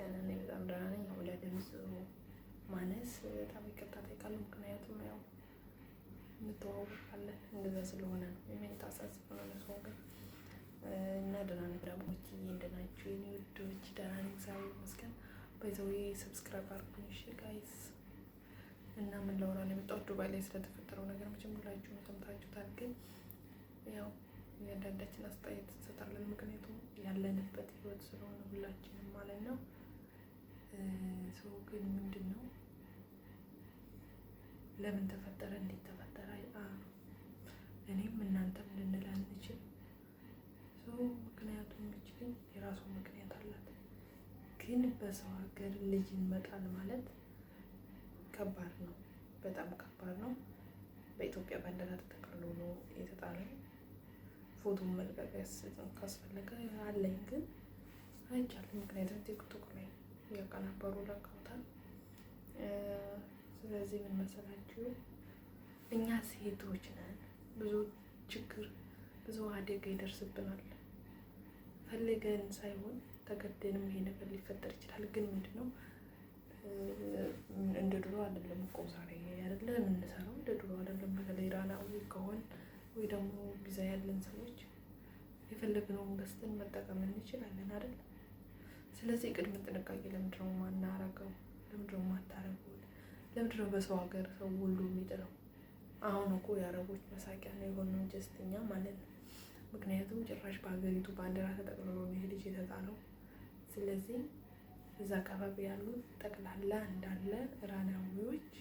ይመስገን እኔ በጣም ደህና ነኝ። ያው ለድምፅ ማነስ በጣም ይቅርታ ጠይቃለሁ። ምክንያቱም ያው እንተዋወቃለን እንደዛ ስለሆነ ነው የሚንታሳስ ስለሆነ ሰው ግን እና ደህና ነኝ። ዳቦች እንደት ናችሁ የኔ ውዶች? ደህና ነኝ እግዚአብሔር ይመስገን። በዛው ሰብስክራይብ አድርጉኝ እሺ ጋይስ። እና ምን ላወራ ነው የመጣሁት ዱባይ ላይ ስለተፈጠረው ነገር መቼም ሁላችሁም ሰምታችሁታል። ግን ያው እያንዳንዳችን አስተያየት እንሰጣለን። ምክንያቱም ያለንበት ህይወት ስለሆነ ሁላችንም ማለት ነው። ሰው ግን ምንድን ነው ለምን ተፈጠረ? እንዴት ተፈጠረ? እኔም እናንተም ልንል አንችል። ሰው ምክንያቱ ልጅ የራሱ ምክንያት አላት። ግን በሰው ሀገር ልጅን መጣል ማለት ከባድ ነው፣ በጣም ከባድ ነው። በኢትዮጵያ ባንዲራ ተጠቅልሎ ነው የተጣለው። ፎቶን መልቀቅ ያስጽ ካስፈለገ አለኝ ግን አይቻልም፣ ምክንያቱም ቲክቶክ ላይ እያቀናበሩ ለቀውታል። ስለዚህ ምን መሰላችሁ እኛ ሴቶች ነን፣ ብዙ ችግር ብዙ አደጋ ይደርስብናል። ፈልገን ሳይሆን ተገደንም ይሄ ነገር ሊፈጠር ይችላል። ግን ምንድን ነው እንደ ድሮ አይደለም እኮ ዛሬ አይደለ የምንሰራው፣ እንደ ድሮ አይደለም። በተለይ ራናዊ ከሆን ወይ ደግሞ ቪዛ ያለን ሰዎች የፈለግነውን ገዝተን መጠቀም እንችላለን አይደል? ስለዚህ ቅድመ ጥንቃቄ ለምንድን ነው ማናረገው? ለምንድን ነው ማታረገው? ለምንድን ነው በሰው ሀገር ሰው ሁሉ የሚጥለው? አሁን እኮ የአረቦች መሳቂያ ነው የሆነው ጀስት ማለት ነው። ምክንያቱም ጭራሽ በሀገሪቱ ባንዲራ ተጠቅልሎ ይህ ልጅ የተጣለው። ስለዚህ እዛ አካባቢ ያሉ ጠቅላላ እንዳለ ኢራናዊዎች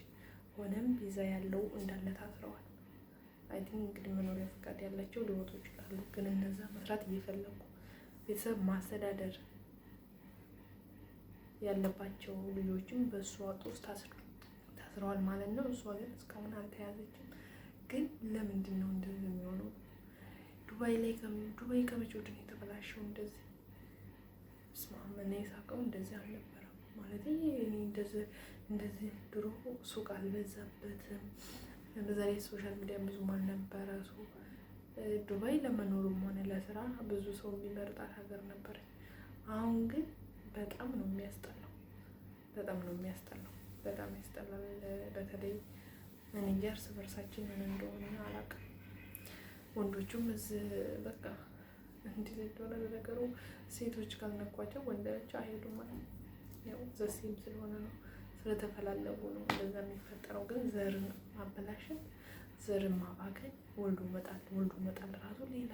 ሆነም ቪዛ ያለው እንዳለ ታስረዋል። አይ ቲንክ እንግዲህ መኖሪያ ፈቃድ ያላቸው ሊወጡ ይችላሉ። ግን እነዛ መስራት እየፈለጉ ቤተሰብ ማስተዳደር ያለባቸው ልጆችም በእሱ በእሷ ውስጥ ታስረዋል ማለት ነው። እሷ ግን እስካሁን አልተያዘችም። ግን ለምንድን ነው እንደዚህ የሚሆነው? ዱባይ ላይ ዱባይ ከመቼ ወዲህ ነው የተበላሸው? እንደዚህ ስማመና የሳቀው እንደዚህ አልነበረም ማለት እንደዚህ ድሮ ሱቅ አልበዛበትም። በዛ ላይ ሶሻል ሚዲያ ብዙም አልነበረ ዱባይ ለመኖሩም ሆነ ለስራ ብዙ ሰው የሚመርጣት ሀገር ነበረች። አሁን ግን በጣም ነው የሚያስጠላው። በጣም ነው የሚያስጠላው። በጣም ያስጠላል። በተለይ ምን እንጃ እርስ በርሳችን ምን እንደሆነ አላውቅም። ወንዶቹም እዚህ በቃ እንዲህ እንደሆነ ለነገሩ ሴቶች ካልነኳቸው ወንዶች አይሄዱም ማለት ያው ዘሴም ስለሆነ ነው ስለተፈላለጉ ነው እንደዛ የሚፈጠረው። ግን ዘርን ማበላሸት፣ ዘርን ማባከን፣ ወልዶ መጣል ወልዶ መጣል ራሱ ሌላ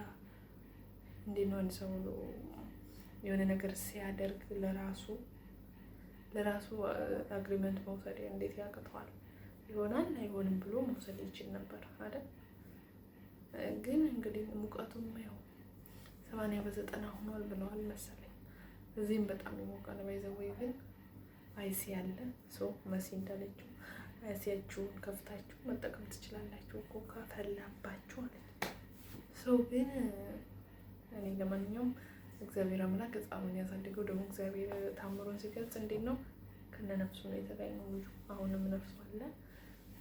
እንዴት ነው አንድ ሰው የሆነ ነገር ሲያደርግ ለራሱ ለራሱ አግሪመንት መውሰድ እንዴት ያቅተዋል? ይሆናል አይሆንም ብሎ መውሰድ ይችል ነበር አይደል? ግን እንግዲህ ሙቀቱም ያው ሰማንያ በዘጠና ሆኗል ብለዋል መሰለኝ። እዚህም በጣም ይሞቃል። ባይዘወይ ግን አይሲ ያለ ሰው መሲ እንዳለችው አይሲያችሁን ከፍታችሁ መጠቀም ትችላላችሁ እኮ ከፈላባችሁ አለች ሰው ግን እኔ ለማንኛውም እግዚአብሔር አምላክ ሕፃኑን ያሳድገው። ደግሞ እግዚአብሔር ታምሮን ሲገልጽ እንዴት ነው? ከነነፍሱ ነው የተገኘው። ልጁ አሁንም ነፍሱ አለ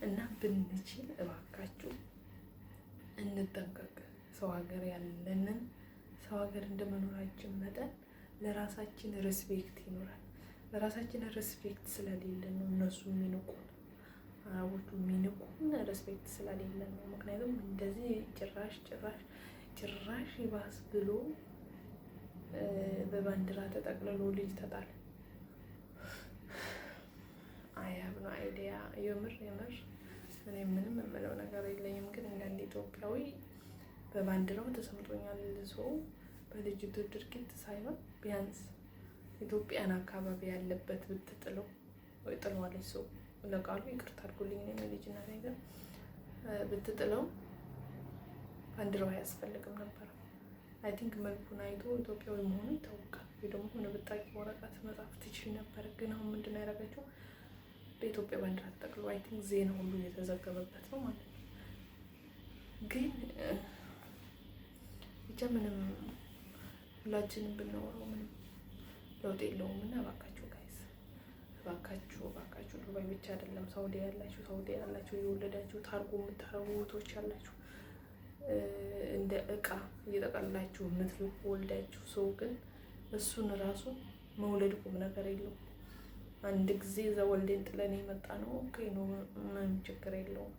እና ብንችል እባካችሁ እንጠንቀቅ። ሰው ሀገር ያለንን ሰው ሀገር እንደመኖራችን መጠን ለራሳችን ሬስፔክት ይኖራል። ለራሳችን ሬስፔክት ስለሌለን ነው እነሱ የሚንቁን፣ አረቦቹ የሚንቁን ሬስፔክት ስለሌለን ነው። ምክንያቱም እንደዚህ ጭራሽ ጭራሽ ጭራሽ ይባስ ብሎ በባንዲራ ተጠቅልሎ ልጅ ተጣለ። አያም ነው አይዲያ የምር የምር እኔ ምንም የምለው ነገር የለኝም፣ ግን እንዳንድ ኢትዮጵያዊ በባንዲራው ተሰምጦኛል ሰው በልጅቱ ድርጊት ሳይሆን ቢያንስ ኢትዮጵያን አካባቢ ያለበት ብትጥለው ወይ ጥለዋለች ሰው ለቃሉ ይቅርታ አድርጉልኝ ነው ልጅና ነገር ብትጥለው ባንዲራው አያስፈልግም ነበር። አይ ቲንክ መልኩን አይቶ ኢትዮጵያዊ መሆኑ ይታወቃል። ወይ ደግሞ ሆነ ብጣቂ ወረቀት መጻፍ ትችል ነበር፣ ግን አሁን ምንድን ያደረገችው በኢትዮጵያ ባንዲራ ተጠቅሎ አይ ቲንክ ዜና ሁሉ እየተዘገበበት ነው ማለት ነው። ግን ብቻ ምንም ሁላችንም ብናወራው ምንም ለውጥ የለውም እና እባካችሁ ጋይስ፣ እባካችሁ እባካችሁ ዱባይ ብቻ አይደለም ሳውዲ ያላችሁ ሳውዲ ያላችሁ የወለዳችሁ ታርጎ የምታረጉ ቦቶች ያላችሁ እንደ እቃ እየጠቀላችሁ ምትሉ ወልዳችሁ ሰው ግን እሱን ራሱ መውለድ ቁም ነገር የለው አንድ ጊዜ እዛ ወልደን ጥለን የመጣ ነው ኦኬ ነው፣ ምንም ችግር የለውም።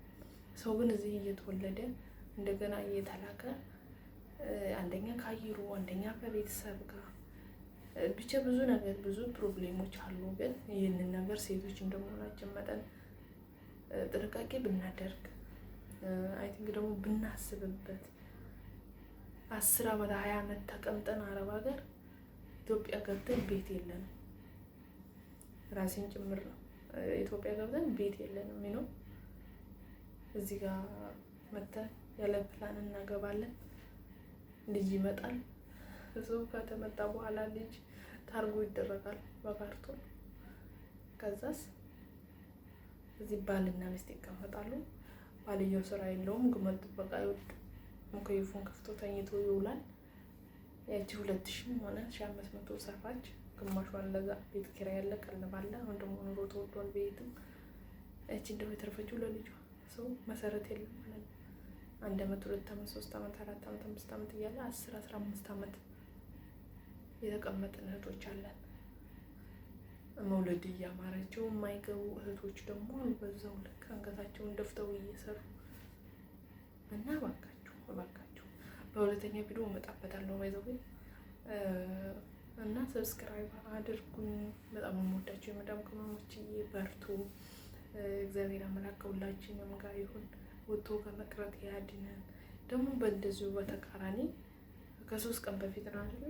ሰው ግን እዚህ እየተወለደ እንደገና እየተላከ አንደኛ ከአየሩ አንደኛ ከቤተሰብ ጋር ብቻ ብዙ ነገር ብዙ ፕሮብሌሞች አሉ። ግን ይህንን ነገር ሴቶች እንደመሆናችን መጠን ጥንቃቄ ብናደርግ አይ ቲንክ ደግሞ ብናስብበት አስር ዓመት ሀያ ዓመት ተቀምጠን አረብ ሀገር ኢትዮጵያ ገብተን ቤት የለንም። ራሴን ጭምር ነው ኢትዮጵያ ገብተን ቤት የለንም ሚኖ እዚህ ጋር መተን ያለ ፕላን እናገባለን። ልጅ ይመጣል። እሱ ከተመጣ በኋላ ልጅ ታርጎ ይደረጋል በካርቶን። ከዛስ እዚህ ባልና ሚስት ይቀመጣሉ። ባልየው ስራ የለውም፣ ግመል ጥበቃ ይወድ ሙከይፉን ከፍቶ ተኝቶ ይውላል። ያቺ ሁለት ሺህም ሆነ ሺ አምስት መቶ ሰፋች፣ ግማሿን ለዛ ቤት ኪራይ ያለ ቀልባለ። አሁን ደግሞ ኑሮ ተወዷል፣ ቤትም ያቺ እንደው የተረፈችው ለልጇ ሰው መሰረት የለም ማለት ነው። አንድ አመት፣ ሁለት አመት፣ ሶስት አመት፣ አራት አመት፣ አምስት አመት እያለ አስር አስራ አምስት አመት የተቀመጥን እህቶች አለን። መውለድ እያማራቸው የማይገቡ እህቶች ደግሞ በዛው ልክ አንገታቸውን ደፍተው እየሰሩ እና እባካችሁ እባካችሁ በሁለተኛ ቪዲዮ እመጣበታለሁ ባይዘው እና ሰብስክራይብ አድርጉኝ። በጣም የምወዳቸው የመዳም ቅመሞች በርቱ። እግዚአብሔር አምላክ ከሁላችንም ጋር ይሁን። ወጥቶ ከመቅረት ያድነን። ደግሞ በእንደዚሁ በተቃራኒ ከሶስት ቀን በፊት ናት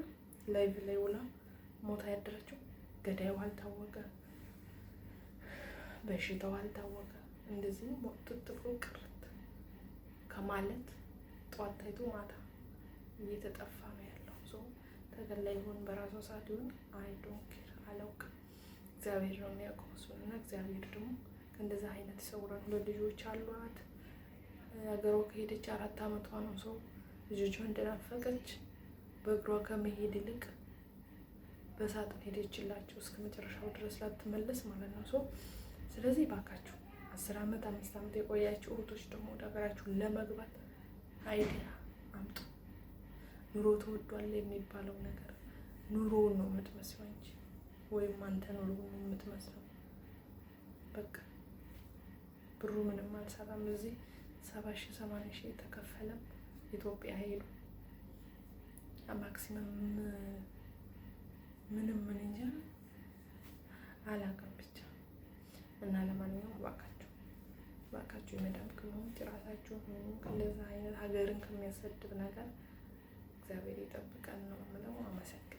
ላይቭ ላይ ውላ ሞታ ያደረችው ገዳዩ አልታወቀ፣ በሽታው አልታወቀ። እንደዚህ ሞጡት ጥፍሩ ቅርት ከማለት ጠዋት ታይቶ ማታ እየተጠፋ ነው ያለው ሶ ተገላይ ይሁን በራሱ ሰዓት ይሁን አይ ዶንት ኬር አላውቅም። እግዚአብሔር ነው የሚያውቀው እሱን እና እግዚአብሔር ደግሞ ከእንደዚህ አይነት ይሰውራል። ሁለት ልጆች አሏት። ሀገሯ ከሄደች አራት አመቷ ነው። ሰው ልጆቿ እንደናፈቀች በእግሯ ከመሄድ ይልቅ በሳጥን ሄደችላችሁ እስከ መጨረሻው ድረስ ላትመለስ ማለት ነው። ሶ ስለዚህ ባካችሁ አስር ዓመት አምስት ዓመት የቆያችሁ እህቶች ደግሞ ወደ ሀገራችሁ ለመግባት አይዲያ አምጡ። ኑሮ ተወዷል የሚባለው ነገር ኑሮውን ነው የምትመስለው እንጂ ወይም አንተ ኑሮ ነው የምትመስለው። በቃ ብሩ ምንም አልሰራም። እዚህ ሰባ ሺ ሰማንያ ሺ የተከፈለም ኢትዮጵያ ሄዱ ማክሲመም ምንም ምን እንጂ አላውቅም ብቻ እና ለማንኛውም እባካችሁ እባካችሁ የመዳም ቅመሞች ራሳችሁ ሆኑ አይነት ሀገርን ከሚያሰድብ ነገር እግዚአብሔር ይጠብቀን ነው የምለው። አመሰግናለሁ።